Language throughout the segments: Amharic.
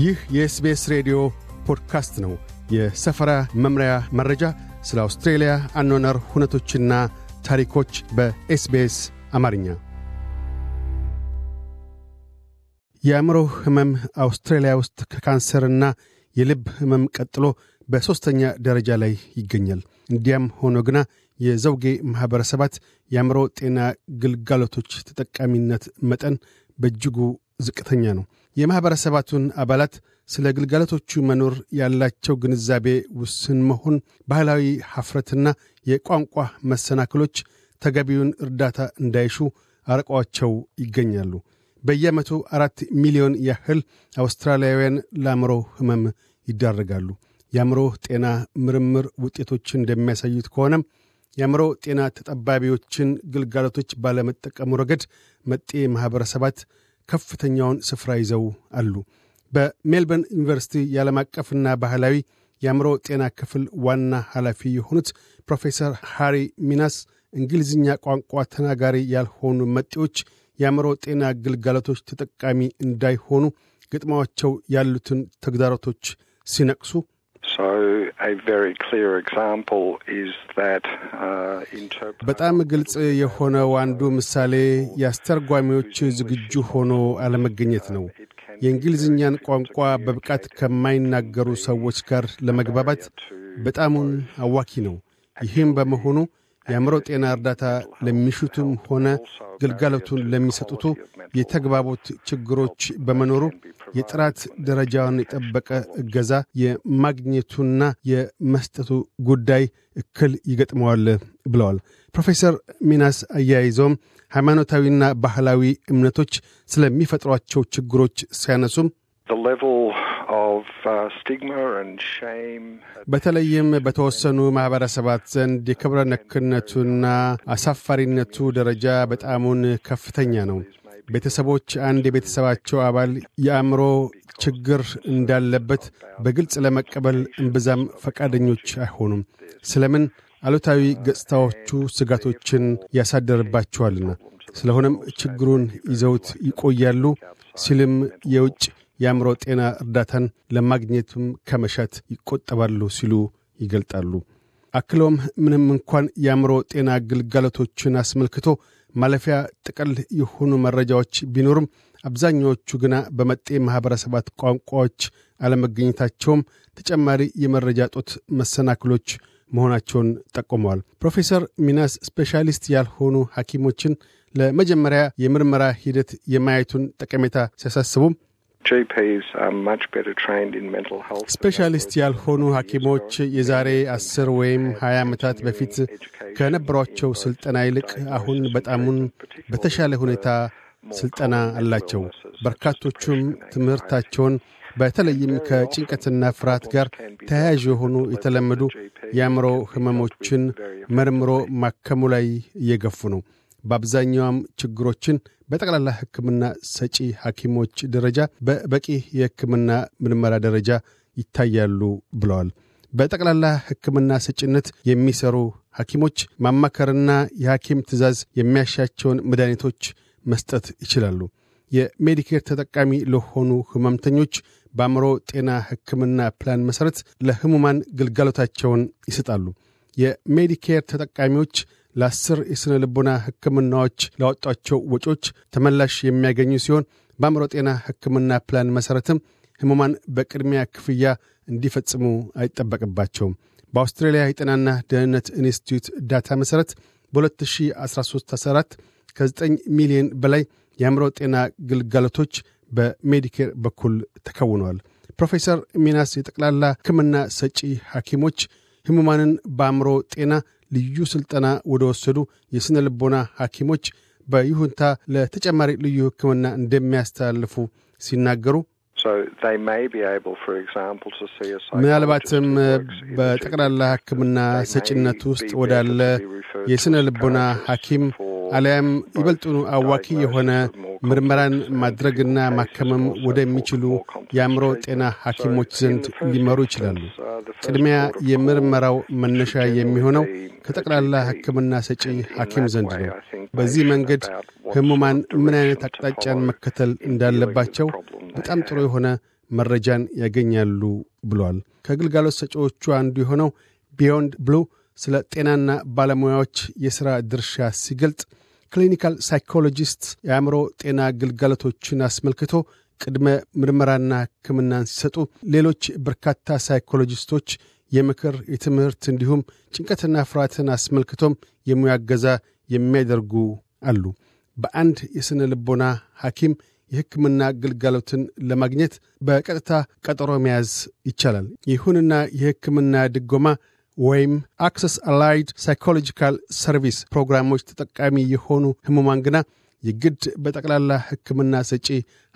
ይህ የኤስቤስ ሬዲዮ ፖድካስት ነው። የሰፈራ መምሪያ መረጃ፣ ስለ አውስትሬልያ አኗኗር ሁነቶችና ታሪኮች በኤስቤስ አማርኛ። የአእምሮ ህመም አውስትሬልያ ውስጥ ከካንሰርና የልብ ህመም ቀጥሎ በሦስተኛ ደረጃ ላይ ይገኛል። እንዲያም ሆኖ ግና የዘውጌ ማኅበረሰባት የአእምሮ ጤና ግልጋሎቶች ተጠቃሚነት መጠን በእጅጉ ዝቅተኛ ነው። የማኅበረሰባቱን አባላት ስለ ግልጋሎቶቹ መኖር ያላቸው ግንዛቤ ውስን መሆን፣ ባህላዊ ሐፍረትና የቋንቋ መሰናክሎች ተገቢውን እርዳታ እንዳይሹ አርቀዋቸው ይገኛሉ። በየዓመቱ አራት ሚሊዮን ያህል አውስትራሊያውያን ለአእምሮ ሕመም ይዳረጋሉ። የአእምሮ ጤና ምርምር ውጤቶች እንደሚያሳዩት ከሆነም የአእምሮ ጤና ተጠባቢዎችን ግልጋሎቶች ባለመጠቀሙ ረገድ መጤ ማኅበረሰባት ከፍተኛውን ስፍራ ይዘው አሉ። በሜልበርን ዩኒቨርሲቲ የዓለም አቀፍና ባህላዊ የአእምሮ ጤና ክፍል ዋና ኃላፊ የሆኑት ፕሮፌሰር ሃሪ ሚናስ እንግሊዝኛ ቋንቋ ተናጋሪ ያልሆኑ መጤዎች የአእምሮ ጤና ግልጋሎቶች ተጠቃሚ እንዳይሆኑ ገጥመዋቸው ያሉትን ተግዳሮቶች ሲነቅሱ Uh, በጣም ግልጽ የሆነው አንዱ ምሳሌ የአስተርጓሚዎች ዝግጁ ሆኖ አለመገኘት ነው። የእንግሊዝኛን ቋንቋ በብቃት ከማይናገሩ ሰዎች ጋር ለመግባባት በጣሙን አዋኪ ነው። ይህም በመሆኑ የአእምሮ ጤና እርዳታ ለሚሹትም ሆነ ግልጋሎቱን ለሚሰጡቱ የተግባቦት ችግሮች በመኖሩ የጥራት ደረጃውን የጠበቀ እገዛ የማግኘቱና የመስጠቱ ጉዳይ እክል ይገጥመዋል ብለዋል። ፕሮፌሰር ሚናስ አያይዞም ሃይማኖታዊና ባህላዊ እምነቶች ስለሚፈጥሯቸው ችግሮች ሲያነሱም the level በተለይም በተወሰኑ ማኅበረሰባት ዘንድ የክብረ ነክነቱና አሳፋሪነቱ ደረጃ በጣሙን ከፍተኛ ነው። ቤተሰቦች አንድ የቤተሰባቸው አባል የአእምሮ ችግር እንዳለበት በግልጽ ለመቀበል እምብዛም ፈቃደኞች አይሆኑም። ስለምን አሉታዊ ገጽታዎቹ ስጋቶችን ያሳደርባቸዋልና። ስለሆነም ችግሩን ይዘውት ይቆያሉ ሲልም የውጭ የአእምሮ ጤና እርዳታን ለማግኘትም ከመሻት ይቆጠባሉ ሲሉ ይገልጣሉ። አክለውም ምንም እንኳን የአእምሮ ጤና ግልጋሎቶችን አስመልክቶ ማለፊያ ጥቅል የሆኑ መረጃዎች ቢኖሩም አብዛኛዎቹ ግና በመጤ ማኅበረሰባት ቋንቋዎች አለመገኘታቸውም ተጨማሪ የመረጃ ጦት መሰናክሎች መሆናቸውን ጠቁመዋል። ፕሮፌሰር ሚናስ ስፔሻሊስት ያልሆኑ ሐኪሞችን ለመጀመሪያ የምርመራ ሂደት የማየቱን ጠቀሜታ ሲያሳስቡም ስፔሻሊስት ያልሆኑ ሐኪሞች የዛሬ አስር ወይም ሀያ ዓመታት በፊት ከነበሯቸው ሥልጠና ይልቅ አሁን በጣሙን በተሻለ ሁኔታ ሥልጠና አላቸው። በርካቶቹም ትምህርታቸውን በተለይም ከጭንቀትና ፍርሃት ጋር ተያያዥ የሆኑ የተለመዱ የአእምሮ ሕመሞችን መርምሮ ማከሙ ላይ እየገፉ ነው። በአብዛኛውም ችግሮችን በጠቅላላ ሕክምና ሰጪ ሐኪሞች ደረጃ በበቂ የሕክምና ምርመራ ደረጃ ይታያሉ ብለዋል። በጠቅላላ ሕክምና ሰጪነት የሚሰሩ ሐኪሞች ማማከርና የሐኪም ትዕዛዝ የሚያሻቸውን መድኃኒቶች መስጠት ይችላሉ። የሜዲኬር ተጠቃሚ ለሆኑ ህመምተኞች በአእምሮ ጤና ሕክምና ፕላን መሠረት ለህሙማን ግልጋሎታቸውን ይሰጣሉ። የሜዲኬር ተጠቃሚዎች ለአስር የሥነ ልቦና ሕክምናዎች ላወጣቸው ወጮች ተመላሽ የሚያገኙ ሲሆን በአእምሮ ጤና ሕክምና ፕላን መሠረትም ህሙማን በቅድሚያ ክፍያ እንዲፈጽሙ አይጠበቅባቸውም። በአውስትራሊያ የጤናና ደህንነት ኢንስቲትዩት ዳታ መሠረት በ2013/14 ከ9 ሚሊዮን በላይ የአእምሮ ጤና ግልጋሎቶች በሜዲኬር በኩል ተከውነዋል። ፕሮፌሰር ሚናስ የጠቅላላ ሕክምና ሰጪ ሐኪሞች ህሙማንን በአእምሮ ጤና ልዩ ሥልጠና ወደ ወሰዱ የሥነ ልቦና ሐኪሞች በይሁንታ ለተጨማሪ ልዩ ሕክምና እንደሚያስተላልፉ ሲናገሩ ምናልባትም በጠቅላላ ሕክምና ሰጪነት ውስጥ ወዳለ የሥነ ልቦና ሐኪም አሊያም ይበልጡኑ አዋኪ የሆነ ምርመራን ማድረግና ማከመም ወደሚችሉ የአእምሮ ጤና ሐኪሞች ዘንድ ሊመሩ ይችላሉ። ቅድሚያ የምርመራው መነሻ የሚሆነው ከጠቅላላ ሕክምና ሰጪ ሐኪም ዘንድ ነው። በዚህ መንገድ ህሙማን ምን አይነት አቅጣጫን መከተል እንዳለባቸው በጣም ጥሩ የሆነ መረጃን ያገኛሉ ብሏል። ከግልጋሎት ሰጪዎቹ አንዱ የሆነው ቢዮንድ ብሉ ስለ ጤናና ባለሙያዎች የሥራ ድርሻ ሲገልጥ ክሊኒካል ሳይኮሎጂስት የአእምሮ ጤና ግልጋሎቶችን አስመልክቶ ቅድመ ምርመራና ሕክምናን ሲሰጡ ሌሎች በርካታ ሳይኮሎጂስቶች የምክር፣ የትምህርት እንዲሁም ጭንቀትና ፍርሃትን አስመልክቶም የሙያ እገዛ የሚያደርጉ አሉ። በአንድ የሥነ ልቦና ሐኪም የሕክምና ግልጋሎትን ለማግኘት በቀጥታ ቀጠሮ መያዝ ይቻላል። ይሁንና የሕክምና ድጎማ ወይም አክሰስ አላይድ ሳይኮሎጂካል ሰርቪስ ፕሮግራሞች ተጠቃሚ የሆኑ ህሙማን ግና የግድ በጠቅላላ ሕክምና ሰጪ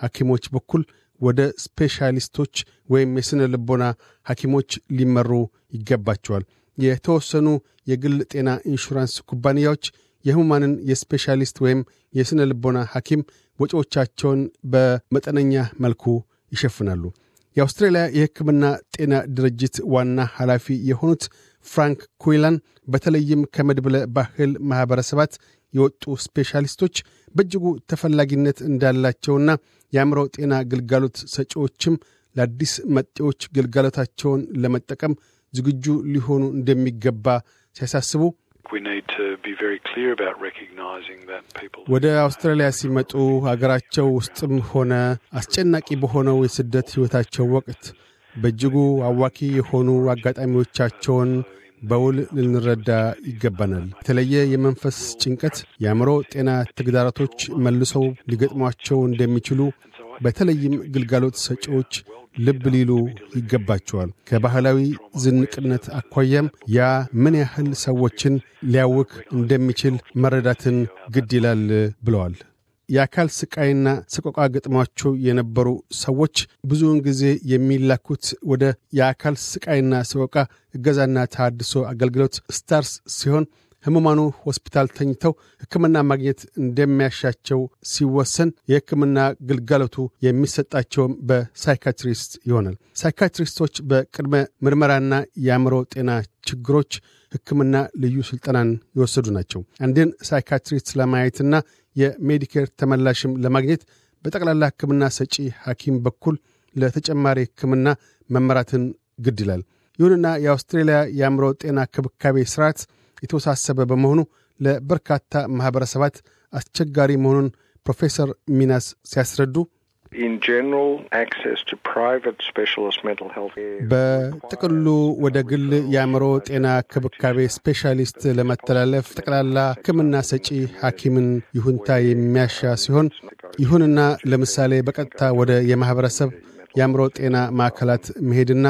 ሐኪሞች በኩል ወደ ስፔሻሊስቶች ወይም የሥነ ልቦና ሐኪሞች ሊመሩ ይገባቸዋል። የተወሰኑ የግል ጤና ኢንሹራንስ ኩባንያዎች የህሙማንን የስፔሻሊስት ወይም የሥነ ልቦና ሐኪም ወጪዎቻቸውን በመጠነኛ መልኩ ይሸፍናሉ። የአውስትራሊያ የሕክምና ጤና ድርጅት ዋና ኃላፊ የሆኑት ፍራንክ ኩይላን በተለይም ከመድብለ ባህል ማኅበረሰባት የወጡ ስፔሻሊስቶች በእጅጉ ተፈላጊነት እንዳላቸውና የአእምሮ ጤና ግልጋሎት ሰጪዎችም ለአዲስ መጤዎች ግልጋሎታቸውን ለመጠቀም ዝግጁ ሊሆኑ እንደሚገባ ሲያሳስቡ ወደ አውስትራሊያ ሲመጡ አገራቸው ውስጥም ሆነ አስጨናቂ በሆነው የስደት ሕይወታቸው ወቅት በእጅጉ አዋኪ የሆኑ አጋጣሚዎቻቸውን በውል ልንረዳ ይገባናል። የተለየ የመንፈስ ጭንቀት፣ የአእምሮ ጤና ተግዳሮቶች መልሰው ሊገጥሟቸው እንደሚችሉ በተለይም ግልጋሎት ሰጪዎች ልብ ሊሉ ይገባቸዋል። ከባህላዊ ዝንቅነት አኳያም ያ ምን ያህል ሰዎችን ሊያውክ እንደሚችል መረዳትን ግድ ይላል ብለዋል። የአካል ስቃይና ስቆቃ ገጥሟቸው የነበሩ ሰዎች ብዙውን ጊዜ የሚላኩት ወደ የአካል ስቃይና ስቆቃ እገዛና ተሃድሶ አገልግሎት ስታርስ ሲሆን ህሙማኑ ሆስፒታል ተኝተው ሕክምና ማግኘት እንደሚያሻቸው ሲወሰን የሕክምና ግልጋሎቱ የሚሰጣቸውም በሳይካትሪስት ይሆናል። ሳይካትሪስቶች በቅድመ ምርመራና የአእምሮ ጤና ችግሮች ሕክምና ልዩ ሥልጠናን የወሰዱ ናቸው። አንድን ሳይካትሪስት ለማየትና የሜዲኬር ተመላሽም ለማግኘት በጠቅላላ ሕክምና ሰጪ ሐኪም በኩል ለተጨማሪ ሕክምና መመራትን ግድ ይላል። ይሁንና የአውስትሬልያ የአእምሮ ጤና ክብካቤ ስርዓት የተወሳሰበ በመሆኑ ለበርካታ ማኅበረሰባት አስቸጋሪ መሆኑን ፕሮፌሰር ሚናስ ሲያስረዱ በጥቅሉ ወደ ግል የአእምሮ ጤና ክብካቤ ስፔሻሊስት ለመተላለፍ ጠቅላላ ሕክምና ሰጪ ሐኪምን ይሁንታ የሚያሻ ሲሆን ይሁንና ለምሳሌ በቀጥታ ወደ የማኅበረሰብ የአእምሮ ጤና ማዕከላት መሄድና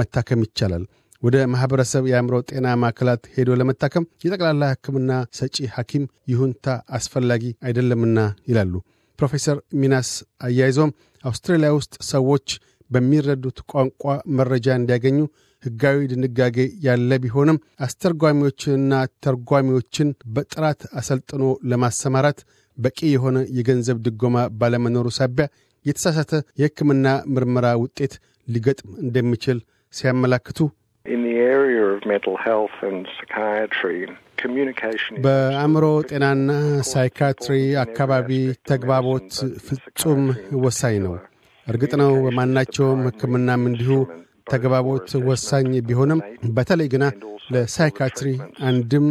መታከም ይቻላል። ወደ ማኅበረሰብ የአእምሮ ጤና ማዕከላት ሄዶ ለመታከም የጠቅላላ ሕክምና ሰጪ ሐኪም ይሁንታ አስፈላጊ አይደለምና ይላሉ። ፕሮፌሰር ሚናስ አያይዞም አውስትራሊያ ውስጥ ሰዎች በሚረዱት ቋንቋ መረጃ እንዲያገኙ ሕጋዊ ድንጋጌ ያለ ቢሆንም አስተርጓሚዎችንና ተርጓሚዎችን በጥራት አሰልጥኖ ለማሰማራት በቂ የሆነ የገንዘብ ድጎማ ባለመኖሩ ሳቢያ የተሳሳተ የሕክምና ምርመራ ውጤት ሊገጥም እንደሚችል ሲያመላክቱ በአእምሮ ጤናና ሳይካትሪ አካባቢ ተግባቦት ፍጹም ወሳኝ ነው። እርግጥ ነው በማናቸውም ህክምናም እንዲሁ ተግባቦት ወሳኝ ቢሆንም በተለይ ግና ለሳይካትሪ አንድም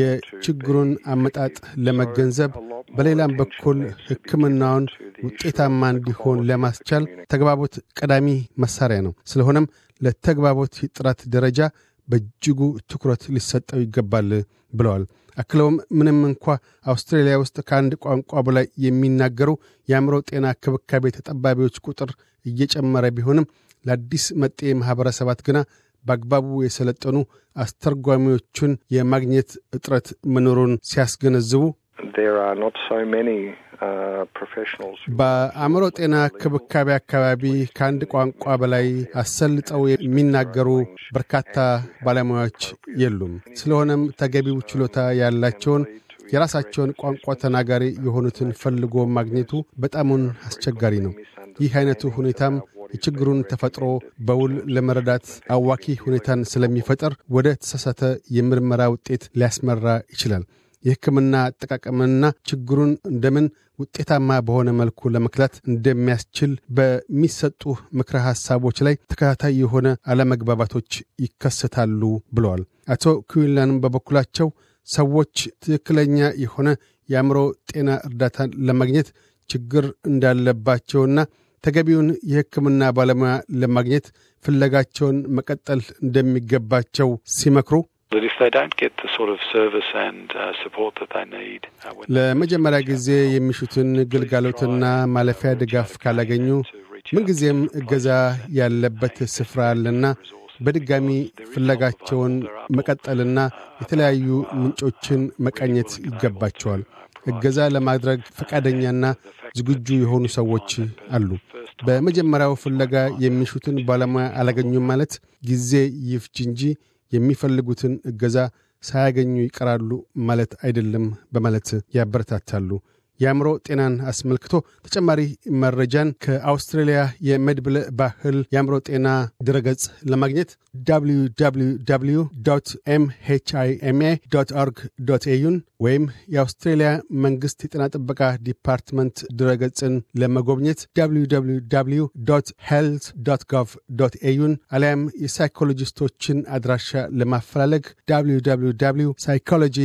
የችግሩን አመጣጥ ለመገንዘብ በሌላም በኩል ሕክምናውን ውጤታማ እንዲሆን ለማስቻል ተግባቦት ቀዳሚ መሳሪያ ነው። ስለሆነም ለተግባቦት የጥራት ደረጃ በእጅጉ ትኩረት ሊሰጠው ይገባል ብለዋል። አክለውም ምንም እንኳ አውስትራሊያ ውስጥ ከአንድ ቋንቋ በላይ የሚናገሩ የአእምሮ ጤና ክብካቤ ተጠባቢዎች ቁጥር እየጨመረ ቢሆንም ለአዲስ መጤ ማኅበረሰባት ግና በአግባቡ የሰለጠኑ አስተርጓሚዎቹን የማግኘት እጥረት መኖሩን ሲያስገነዝቡ በአእምሮ ጤና ክብካቤ አካባቢ ከአንድ ቋንቋ በላይ አሰልጠው የሚናገሩ በርካታ ባለሙያዎች የሉም። ስለሆነም ተገቢው ችሎታ ያላቸውን የራሳቸውን ቋንቋ ተናጋሪ የሆኑትን ፈልጎ ማግኘቱ በጣሙን አስቸጋሪ ነው። ይህ አይነቱ ሁኔታም የችግሩን ተፈጥሮ በውል ለመረዳት አዋኪ ሁኔታን ስለሚፈጠር ወደ ተሳሳተ የምርመራ ውጤት ሊያስመራ ይችላል። የሕክምና አጠቃቀምንና ችግሩን እንደምን ውጤታማ በሆነ መልኩ ለመክላት እንደሚያስችል በሚሰጡ ምክረ ሐሳቦች ላይ ተከታታይ የሆነ አለመግባባቶች ይከሰታሉ ብለዋል። አቶ ክዊላንም በበኩላቸው ሰዎች ትክክለኛ የሆነ የአእምሮ ጤና እርዳታን ለማግኘት ችግር እንዳለባቸውና ተገቢውን የሕክምና ባለሙያ ለማግኘት ፍለጋቸውን መቀጠል እንደሚገባቸው ሲመክሩ Uh, uh, ለመጀመሪያ ጊዜ የሚሹትን ግልጋሎትና ማለፊያ ድጋፍ ካላገኙ ምንጊዜም እገዛ ያለበት ስፍራ አለና በድጋሚ ፍለጋቸውን መቀጠልና uh, የተለያዩ ምንጮችን መቃኘት ይገባቸዋል። እገዛ ለማድረግ ፈቃደኛና ዝግጁ የሆኑ ሰዎች አሉ። በመጀመሪያው ፍለጋ የሚሹትን ባለሙያ አላገኙም ማለት ጊዜ ይፍጅ እንጂ የሚፈልጉትን እገዛ ሳያገኙ ይቀራሉ ማለት አይደለም በማለት ያበረታታሉ። የአእምሮ ጤናን አስመልክቶ ተጨማሪ መረጃን ከአውስትራሊያ የመድብለ ባህል የአእምሮ ጤና ድረገጽ ለማግኘት www ኤምኤችአይኤምኤ ኤዩን ወይም የአውስትሬልያ መንግሥት የጤና ጥበቃ ዲፓርትመንት ድረገጽን ለመጎብኘት ሄልት ጎቭ ኤዩን አሊያም የሳይኮሎጂስቶችን አድራሻ ለማፈላለግ ሳይኮሎጂ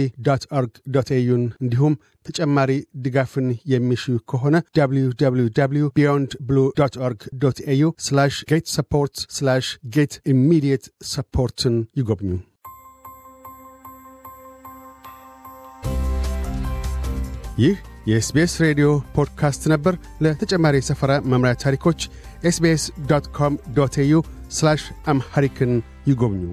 ኦርግ ኤዩን እንዲሁም ተጨማሪ ድጋፍን የሚሹ ከሆነ www ቢዮንድ ብሉ ዶት ኦርግ ኤዩ ጌት ሰፖርት ጌት ኢሚዲየት ሰፖርትን ይጎብኙ። ይህ የኤስቤስ ሬዲዮ ፖድካስት ነበር። ለተጨማሪ የሰፈራ መምሪያ ታሪኮች ኤስቤስ ኮም ዶት ኤዩ አምሐሪክን ይጎብኙ።